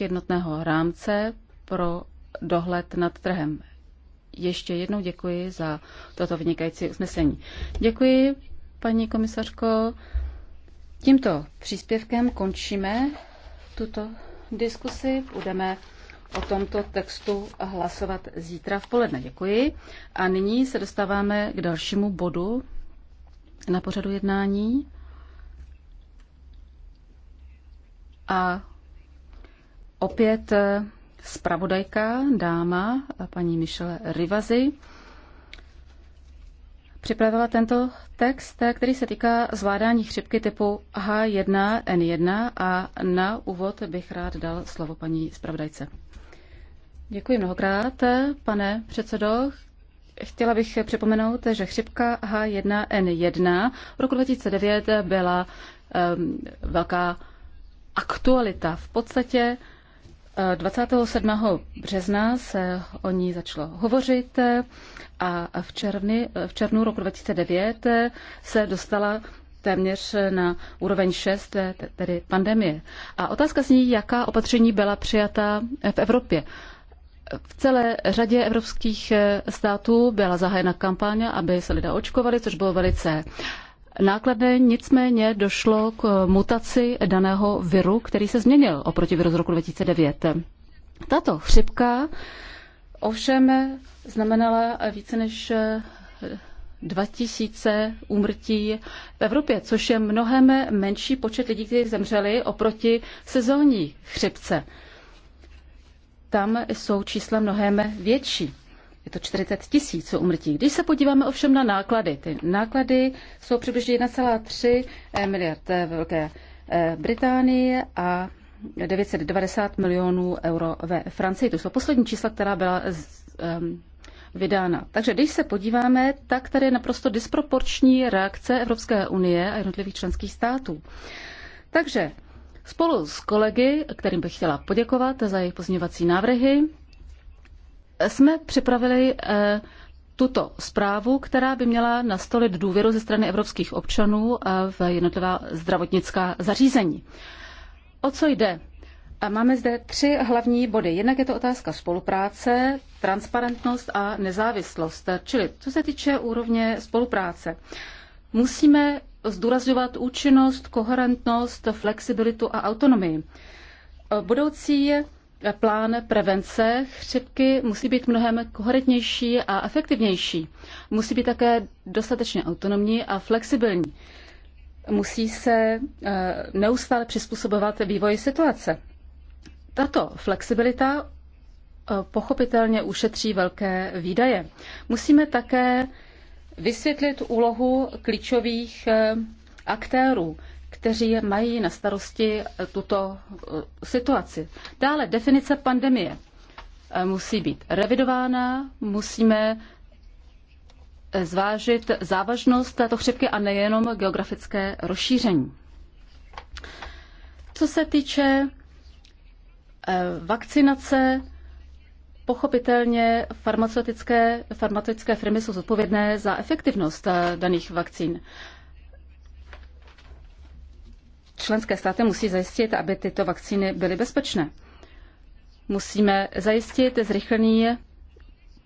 jednotného rámce pro dohled nad trhem. Ještě jednou děkuji za toto vynikající usnesení. Děkuji, paní komisařko. Tímto příspěvkem končíme tuto diskusi. Budeme o tomto textu hlasovat zítra v poledne. Děkuji. A nyní se dostáváme k dalšímu bodu na pořadu jednání. A opět spravodajka, eh, dáma, paní Michele Rivazy, připravila tento text, eh, který se týká zvládání chřipky typu H1N1 a na úvod bych rád dal slovo paní spravodajce. Děkuji mnohokrát, eh, pane předsedo. Chtěla bych připomenout, že chřipka H1N1 v roku 2009 byla um, velká aktualita. V podstatě 27. března se o ní začalo hovořit a v, červni, v červnu roku 2009 se dostala téměř na úroveň 6, tedy pandemie. A otázka zní, jaká opatření byla přijata v Evropě. V celé řadě evropských států byla zahájena kampaně, aby se lidé očkovali, což bylo velice Nákladné nicméně došlo k mutaci daného viru, který se změnil oproti viru z roku 2009. Tato chřipka ovšem znamenala více než 2000 eh, úmrtí v Evropě, což je mnohem menší počet lidí, kteří zemřeli oproti sezónní chřipce. Tam jsou čísla mnohem větší je to 40 tisíc umrtí. Když se podíváme ovšem na náklady, ty náklady jsou přibližně 1,3 eh, miliard eh, Velké eh, Británii a 990 milionů euro ve Francii. To jsou poslední čísla, která byla um, vydána. Takže když se podíváme, tak tady je naprosto disproporční reakce Evropské unie a jednotlivých členských států. Takže spolu s kolegy, kterým bych chtěla poděkovat za jejich pozměňovací návrhy, jsme připravili eh, tuto zprávu, která by měla nastolit důvěru ze strany evropských občanů eh, v jednotlivá zdravotnická zařízení. O co jde? Máme zde tři hlavní body. Jednak je to otázka spolupráce, transparentnost a nezávislost. Čili co se týče úrovně spolupráce, musíme zdůrazňovat účinnost, koherentnost, flexibilitu a autonomii. Budoucí plán prevence chřipky musí být mnohem koherentnější a efektivnější. Musí být také dostatečně autonomní a flexibilní. Musí se eh, neustále přizpůsobovat vývoji situace. Tato flexibilita eh, pochopitelně ušetří velké výdaje. Musíme také vysvětlit úlohu klíčových eh, aktérů kteří mají na starosti eh, tuto eh, situaci. Dále definice pandemie eh, musí být revidována, musíme zvážit závažnost této chřipky a nejenom geografické rozšíření. Co se týče vakcinace, pochopitelně farmaceutické, farmaceutické firmy jsou zodpovědné za efektivnost daných vakcín členské státy musí zajistit, aby tyto vakcíny byly bezpečné. Musíme zajistit zrychlený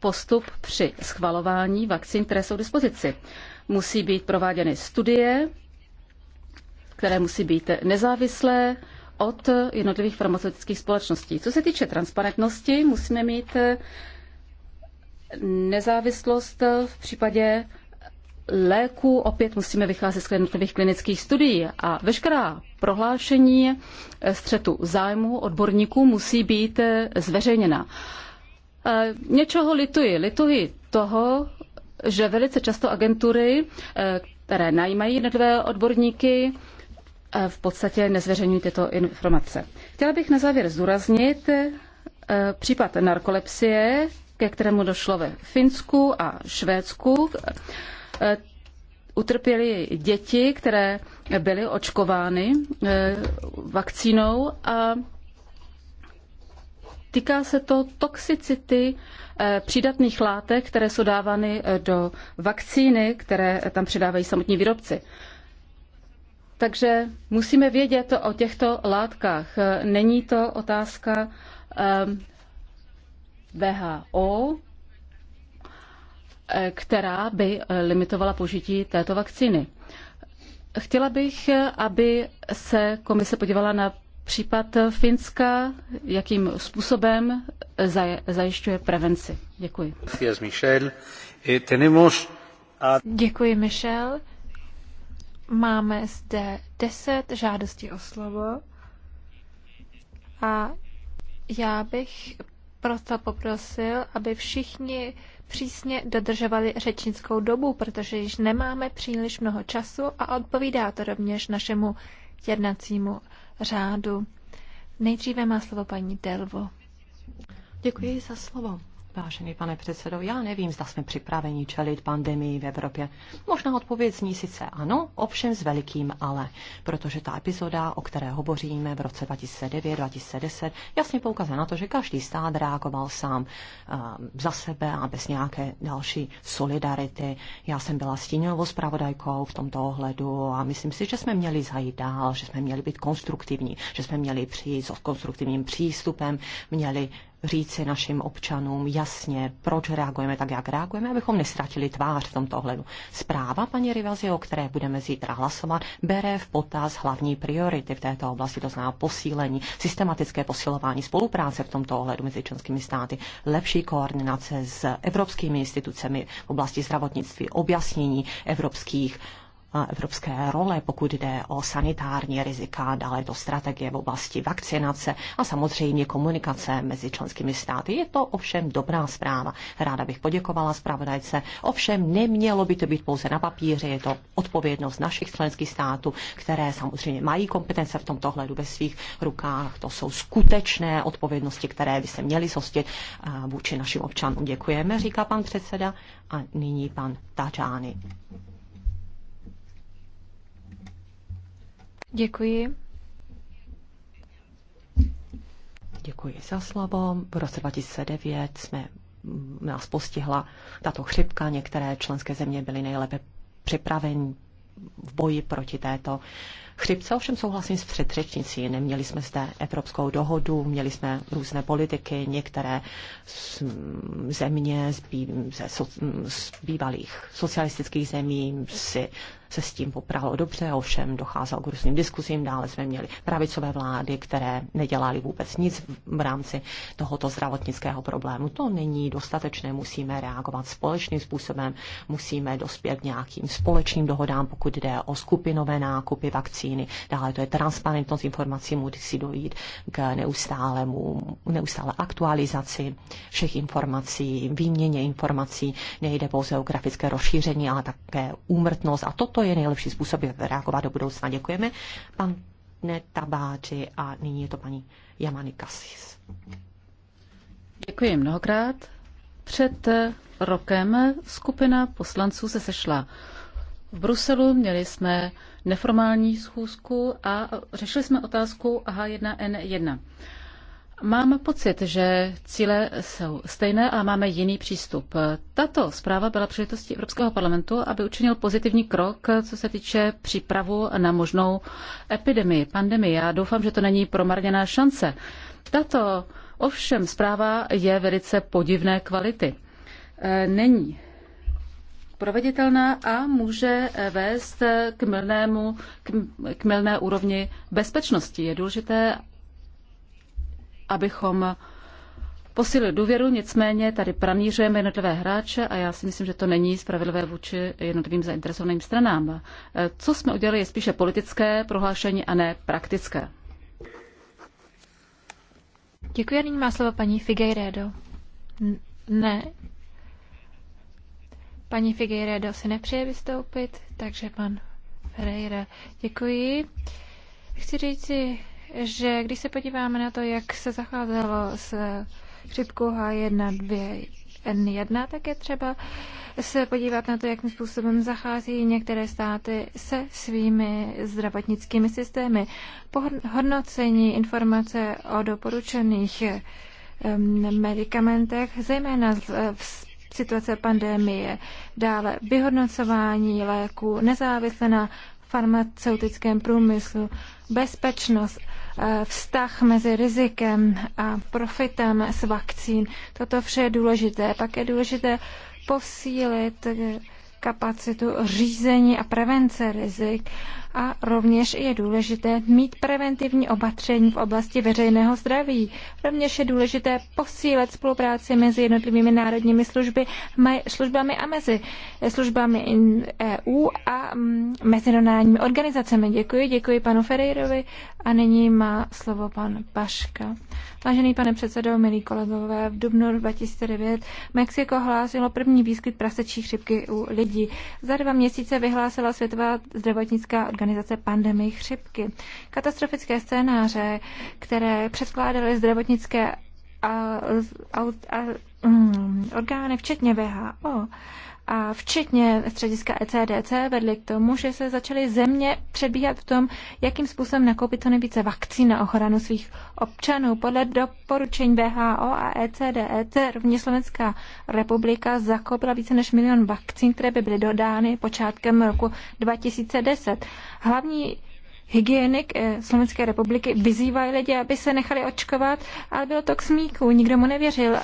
postup při schvalování vakcín, které jsou k dispozici. Musí být prováděny studie, které musí být nezávislé od jednotlivých farmaceutických společností. Co se týče transparentnosti, musíme mít nezávislost v případě léků opět musíme vycházet z jednotlivých klinických studií a veškerá prohlášení eh, střetu zájmu odborníků musí být eh, zveřejněna. Eh, něčeho lituji. Lituji toho, že velice často agentury, které najímají jednotlivé odborníky, v podstatě nezveřejňují tyto informace. Chtěla bych na závěr zdůraznit případ narkolepsie, ke kterému došlo ve Finsku a Švédsku. Eh, utrpěly děti, které byly očkovány eh, vakcínou a týká se to toxicity eh, přídatných látek, které jsou dávány do vakcíny, které tam přidávají samotní výrobci. Takže musíme vědět o těchto látkách. Není to otázka VHO, Eh, která by eh, limitovala požití této vakcíny. Chtěla bych, eh, aby se komise podívala na případ Finska, jakým způsobem zajišťuje prevenci. Děkuji. Děkuji, Michel. Máme zde deset žádostí o slovo a já bych proto poprosil, aby všichni přísně dodržovali řečnickou dobu, protože již nemáme příliš mnoho času a odpovídá to rovněž našemu jednacímu řádu. Nejdříve má slovo paní Delvo. Děkuji za slovo. Vážený pane předsedo, já nevím, zda jsme připraveni čelit pandemii v Evropě. Možná odpověď zní sice ano, ovšem s velikým ale, protože ta epizoda, o které hovoříme v roce 2009-2010, jasně poukazuje na to, že každý stát reagoval sám uh, za sebe a bez nějaké další solidarity. Já jsem byla stínovou zpravodajkou v tomto ohledu a myslím si, že jsme měli zajít dál, že jsme měli být konstruktivní, že jsme měli přijít s konstruktivním přístupem, měli říci našim občanům jasně, proč reagujeme tak, jak reagujeme, abychom nestratili tvář v tomto ohledu. Zpráva, paní Rivazi, o které budeme zítra hlasovat, bere v potaz hlavní priority v této oblasti, to znamená posílení, systematické posilování spolupráce v tomto ohledu mezi členskými státy, lepší koordinace s evropskými institucemi v oblasti zdravotnictví, objasnění evropských evropské role, pokud jde o sanitární rizika, dále do strategie v oblasti vakcinace a samozřejmě komunikace mezi členskými státy. Je to ovšem dobrá zpráva. Ráda bych poděkovala zpravodajce. Ovšem nemělo by to být pouze na papíře, je to odpovědnost našich členských států, které samozřejmě mají kompetence v tomto hledu ve svých rukách. To jsou skutečné odpovědnosti, které by se měly zhostit eh, vůči našim občanům. Děkujeme, říká pan předseda. A nyní pan Tačány. Děkuji. Děkuji za slovo. V roce 2009 jsme mm, nás postihla tato chřipka. Některé členské země byly nejlépe připraveny v boji proti této chřipce. Ovšem souhlasím s předřečnicí. Neměli jsme zde evropskou dohodu, měli jsme různé politiky, některé z země z, bý, ze so, z bývalých socialistických zemí si se s tím popralo dobře, ovšem docházelo k různým diskuzím, dále jsme měli pravicové vlády, které nedělali vůbec nic v rámci tohoto zdravotnického problému. To není dostatečné, musíme reagovat společným způsobem, musíme dospět k nějakým společným dohodám, pokud jde o skupinové nákupy vakcín, Číny. Dále to je transparentnost informací, musí dojít k neustálému, neustále aktualizaci všech informací, výměně informací. Nejde pouze o grafické rozšíření, ale také úmrtnost. A toto je nejlepší způsob, jak reagovat do budoucna. Děkujeme. Pan Netabáči a nyní je to paní Jamany Kasis. Děkuji mnohokrát. Před rokem skupina poslanců se sešla v Bruselu, měli jsme neformální schůzku a řešili jsme otázku H1N1. Mám pocit, že cíle jsou stejné a máme jiný přístup. Tato zpráva byla příležitostí Evropského parlamentu, aby učinil pozitivní krok, co se týče přípravu na možnou epidemii, pandemii. Já doufám, že to není promarněná šance. Tato ovšem zpráva je velice podivné kvality. E, není proveditelná a může eh, vést eh, k, milnému, k milné úrovni bezpečnosti. Je důležité, abychom posílili důvěru, nicméně tady pranířujeme jednotlivé hráče a já si myslím, že to není spravedlivé vůči jednotlivým zainteresovaným stranám. Eh, co jsme udělali, je spíše politické prohlášení a ne praktické. Děkuji, nyní má slovo paní Figueiredo. Ne, Paní Figueiredo si nepřeje vystoupit, takže pan Ferreira. Děkuji. Chci říci, že když se podíváme na to, jak se zacházelo s chřipkou H1, 1, tak je třeba se podívat na to, jakým způsobem zachází některé státy se svými zdravotnickými systémy. Po hodnocení informace o doporučených medikamentech, zejména v situace pandémie, dále vyhodnocování léků, nezávisle na farmaceutickém průmyslu, bezpečnost, eh, vztah mezi rizikem a profitem s vakcín. Toto vše je důležité. Pak je důležité posílit kapacitu řízení a prevence rizik a rovněž je důležité mít preventivní opatření v oblasti veřejného zdraví. Rovněž je důležité posílet spolupráci mezi jednotlivými národními služby, službami a mezi službami EU a mm, mezinárodními organizacemi. Děkuji, děkuji panu Ferreirovi a nyní má slovo pan Paška. Vážený pane předsedo, milí kolegové, v dubnu 2009 Mexiko hlásilo první výskyt prasečí chřipky u lidí. Za dva měsíce vyhlásila Světová zdravotnická organizace pandemie chřipky. Katastrofické scénáře, které předkládaly zdravotnické a, a, a, mm, orgány, včetně VHO, a včetně střediska ECDC vedly k tomu, že se začaly země předbíhat v tom, jakým způsobem nakoupit co nejvíce vakcín na ochranu svých občanů. Podle doporučení VHO a ECDC e rovněž Slovenská republika zakoupila více než milion vakcín, které by byly dodány počátkem roku 2010. Hlavní hygienik eh, Slovenské republiky vyzývají lidi, aby se nechali očkovat, ale bylo to k smíku. Nikdo mu nevěřil,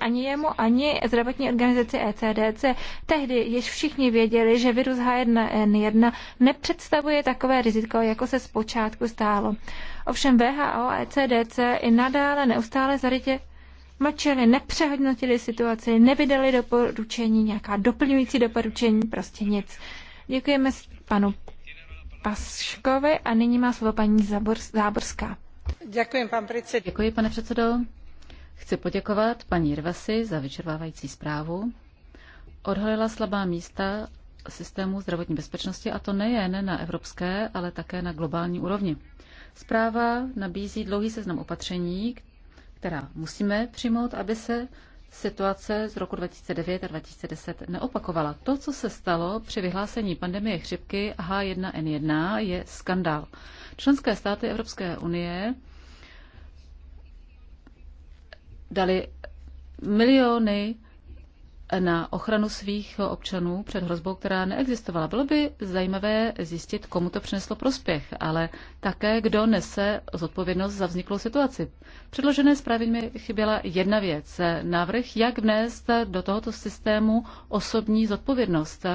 ani jemu, ani zdravotní organizaci ECDC. Tehdy již všichni věděli, že virus H1N1 nepředstavuje takové riziko, jako se zpočátku stálo. Ovšem VHO a ECDC i nadále neustále zarytě mlčeli, nepřehodnotili situaci, nevydali doporučení, nějaká doplňující doporučení, prostě nic. Děkujeme panu Paškovi a nyní má slovo paní Záborská. Děkuji, pan předsedo. Děkuji, pane předsedo. Chci poděkovat paní Rvasi za vyčerpávající zprávu. Odhalila slabá místa systému zdravotní bezpečnosti a to nejen na evropské, ale také na globální úrovni. Zpráva nabízí dlouhý seznam opatření, která musíme přijmout, aby se situace z roku 2009 a 2010 neopakovala. To, co se stalo při vyhlásení pandemie chřipky H1N1, je skandál. Členské státy Evropské unie dali miliony na ochranu svých občanů před hrozbou, která neexistovala. Bylo by zajímavé zjistit, komu to přineslo prospěch, ale také, kdo nese zodpovědnost za vzniklou situaci. předložené zprávě mi chyběla jedna věc. Návrh, jak vnést do tohoto systému osobní zodpovědnost.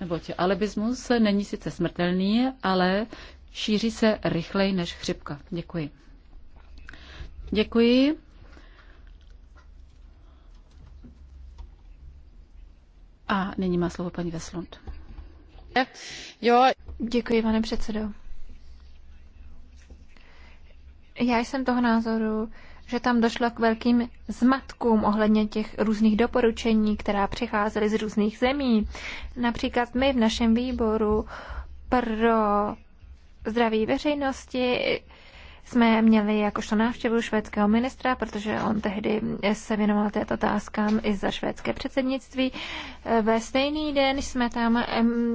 Neboť alibismus není sice smrtelný, ale šíří se rychleji než chřipka. Děkuji. Děkuji. A nyní má slovo paní Veslund. Jo. Děkuji, pane předsedo. Já jsem toho názoru, že tam došlo k velkým zmatkům ohledně těch různých doporučení, která přicházely z různých zemí. Například my v našem výboru pro zdraví veřejnosti jsme měli jakožto návštěvu švédského ministra, protože on tehdy se věnoval této otázkám i za švédské předsednictví. Ve stejný den jsme tam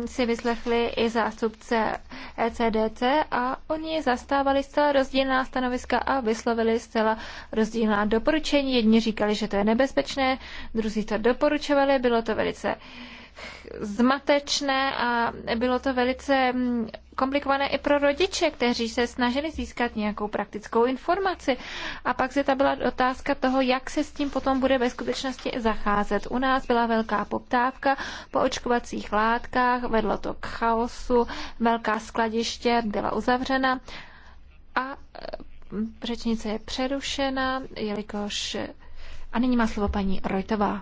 si vyslechli i zástupce ECDC a oni zastávali zcela rozdílná stanoviska a vyslovili zcela rozdílná doporučení. Jedni říkali, že to je nebezpečné, druzí to doporučovali, bylo to velice zmatečné a bylo to velice mm, komplikované i pro rodiče, kteří se snažili získat nějakou praktickou informaci. A pak se ta byla otázka toho, jak se s tím potom bude ve skutečnosti zacházet. U nás byla velká poptávka po očkovacích látkách, vedlo to k chaosu, velká skladiště byla uzavřena a mm, řečnice je přerušena, jelikož... A nyní má slovo paní Rojtová.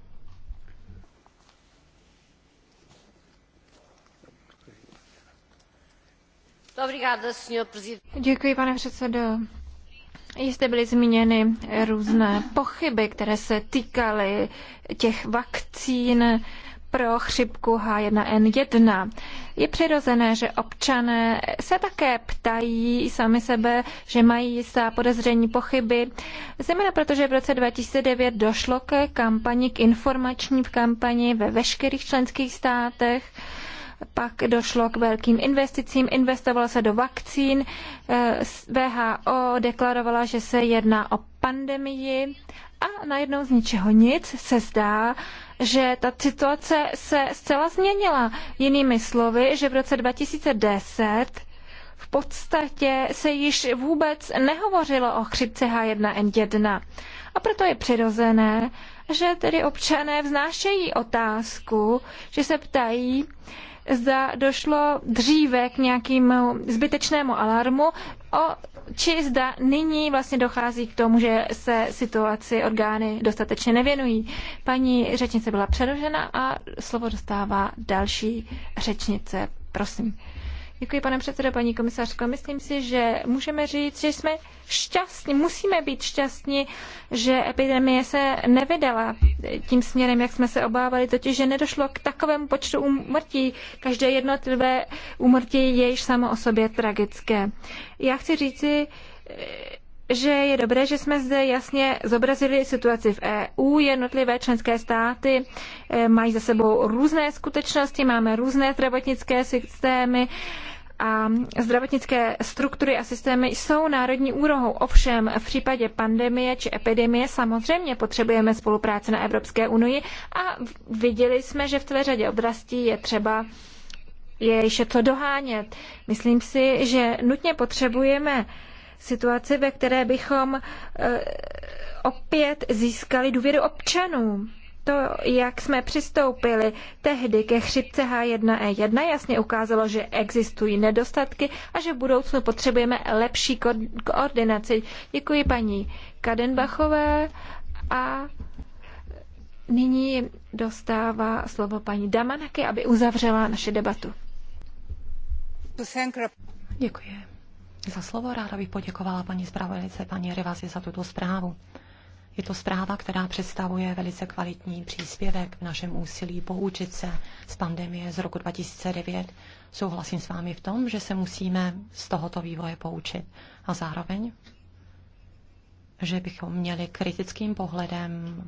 Děkuji, pane předsedo. Jste byly zmíněny různé pochyby, které se týkaly těch vakcín pro chřipku H1N1. Je přirozené, že občané se také ptají sami sebe, že mají jistá podezření, pochyby, zejména protože v roce 2009 došlo ke kampani, k informační kampani ve veškerých členských státech, pak došlo k velkým investicím, investovalo se do vakcín, eh, VHO deklarovala, že se jedná o pandemii a najednou z ničeho nic se zdá, že ta situace se zcela změnila. Jinými slovy, že v roce 2010 v podstatě se již vůbec nehovořilo o chřipce H1N1. A proto je přirozené, že tedy občané vznášejí otázku, že se ptají, zda došlo dříve k nějakému zbytečnému alarmu, o, či zda nyní vlastně dochází k tomu, že se situaci orgány dostatečně nevěnují. Paní řečnice byla přerožena a slovo dostává další řečnice. Prosím. Děkuji, pane předsedo, paní komisařko. Myslím si, že můžeme říct, že jsme šťastní, musíme být šťastní, že epidemie se nevydala tím směrem, jak jsme se obávali, totiž, že nedošlo k takovému počtu úmrtí. Každé jednotlivé úmrtí je již samo o sobě tragické. Já chci říci, že je dobré, že jsme zde jasně zobrazili situaci v EU. Jednotlivé členské státy eh, mají za sebou různé skutečnosti, máme různé zdravotnické systémy a zdravotnické struktury a systémy jsou národní úrohou. Ovšem v případě pandemie či epidemie samozřejmě potřebujeme spolupráci na Evropské unii a viděli jsme, že v celé řadě oblastí je třeba je ještě to dohánět. Myslím si, že nutně potřebujeme situaci, ve které bychom eh, opět získali důvěru občanů to, jak jsme přistoupili tehdy ke chřipce H1E1, jasně ukázalo, že existují nedostatky a že v budoucnu potřebujeme lepší koordinaci. Děkuji paní Kadenbachové a nyní dostává slovo paní Damanaky, aby uzavřela naši debatu. Děkuji. Za slovo ráda bych poděkovala paní zpravodajce, paní Rivasi za tuto zprávu. Je to zpráva, která představuje velice kvalitní příspěvek v našem úsilí poučit se z pandemie z roku 2009. Souhlasím s vámi v tom, že se musíme z tohoto vývoje poučit a zároveň, že bychom měli kritickým pohledem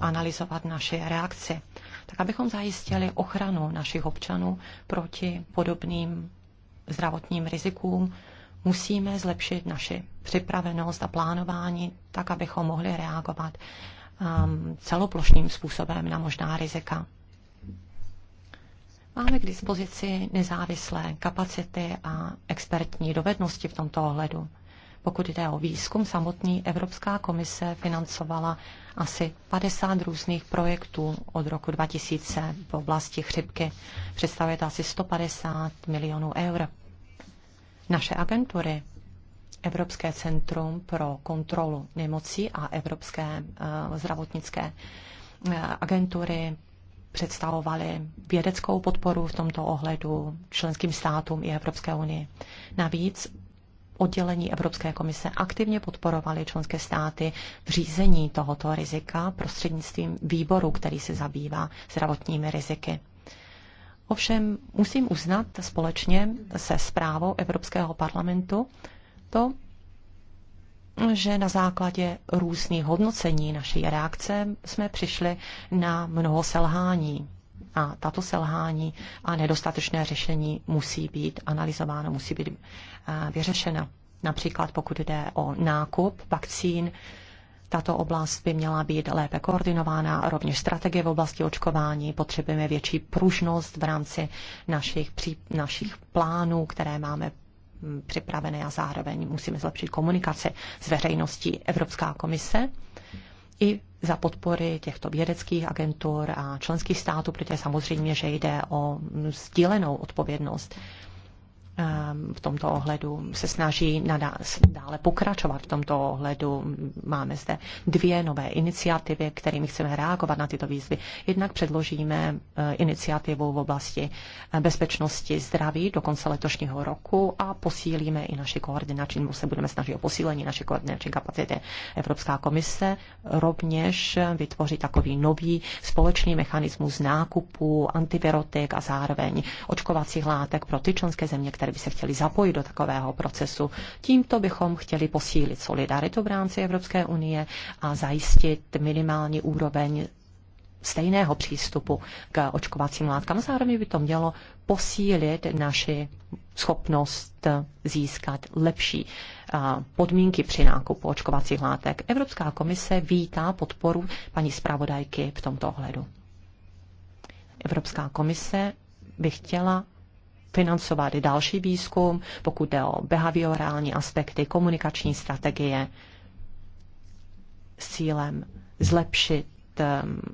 analyzovat naše reakci, tak abychom zajistili ochranu našich občanů proti podobným zdravotním rizikům, musíme zlepšit naši připravenost a plánování tak, abychom mohli reagovat um, celoplošným způsobem na možná rizika. Máme k dispozici nezávislé kapacity a expertní dovednosti v tomto ohledu. Pokud jde o výzkum samotný, Evropská komise financovala asi 50 různých projektů od roku 2000 v oblasti chřipky. Představuje to asi 150 milionů eur. Naše agentury, Evropské centrum pro kontrolu nemocí a Evropské eh, zdravotnické eh, agentury představovaly vědeckou podporu v tomto ohledu členským státům i Evropské unii. Navíc oddělení Evropské komise aktivně podporovaly členské státy v řízení tohoto rizika prostřednictvím výboru, který se zabývá zdravotními riziky. Ovšem musím uznat společně se zprávou Evropského parlamentu to, že na základě různých hodnocení naší reakce jsme přišli na mnoho selhání. A tato selhání a nedostatečné řešení musí být analyzováno, musí být eh, vyřešena. Například pokud jde o nákup vakcín tato oblast by měla být lépe koordinována, rovněž strategie v oblasti očkování. Potřebujeme větší pružnost v rámci našich, pří, našich plánů, které máme mm, připravené a zároveň musíme zlepšit komunikaci s veřejností Evropská komise i za podpory těchto vědeckých agentur a členských států, protože samozřejmě, že jde o sdílenou odpovědnost. Ehm, v tomto ohledu se snaží dále pokračovat v tomto ohledu. Máme zde dvě nové iniciativy, kterými chceme reagovat na tyto výzvy. Jednak předložíme eh, iniciativu v oblasti eh, bezpečnosti zdraví do konce letošního roku a posílíme i naše koordinační, nebo se budeme snažit o posílení naše koordinační kapacity. Evropská komise rovněž vytvoří takový nový společný mechanismus nákupu antivirotik a zároveň očkovacích látek pro ty členské země, které by se chtěly zapojit do takového procesu. Tímto bychom chtěli posílit solidaritu v rámci Evropské unie a zajistit minimální úroveň stejného přístupu k očkovacím látkám. Zároveň by to mělo posílit naši schopnost získat lepší podmínky při nákupu očkovacích látek. Evropská komise vítá podporu paní zpravodajky v tomto ohledu. Evropská komise by chtěla financovat další výzkum, pokud jde o behaviorální aspekty, komunikační strategie s cílem zlepšit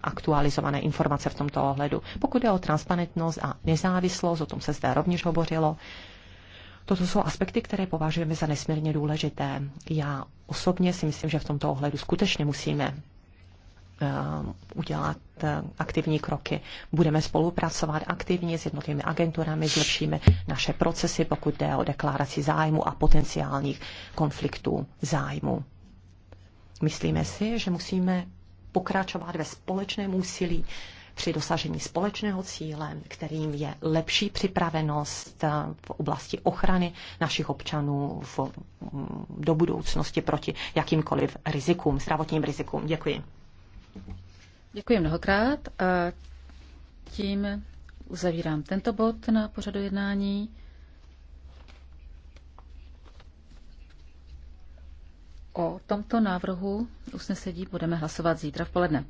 aktualizované informace v tomto ohledu. Pokud je o transparentnost a nezávislost, o tom se zde rovněž hovořilo, Toto jsou aspekty, které považujeme za nesmírně důležité. Já osobně si myslím, že v tomto ohledu skutečně musíme Eh, udělat eh, aktivní kroky. Budeme spolupracovat aktivně s jednotlivými agenturami, zlepšíme naše procesy, pokud jde o deklaraci zájmu a potenciálních konfliktů zájmu. Myslíme si, že musíme pokračovat ve společném úsilí při dosažení společného cíle, kterým je lepší připravenost eh, v oblasti ochrany našich občanů v, mm, do budoucnosti proti jakýmkoliv rizikům, zdravotním rizikům. Děkuji. Děkuji mnohokrát a tím uzavírám tento bod na pořadu jednání. O tomto návrhu usnesení budeme hlasovat zítra v poledne.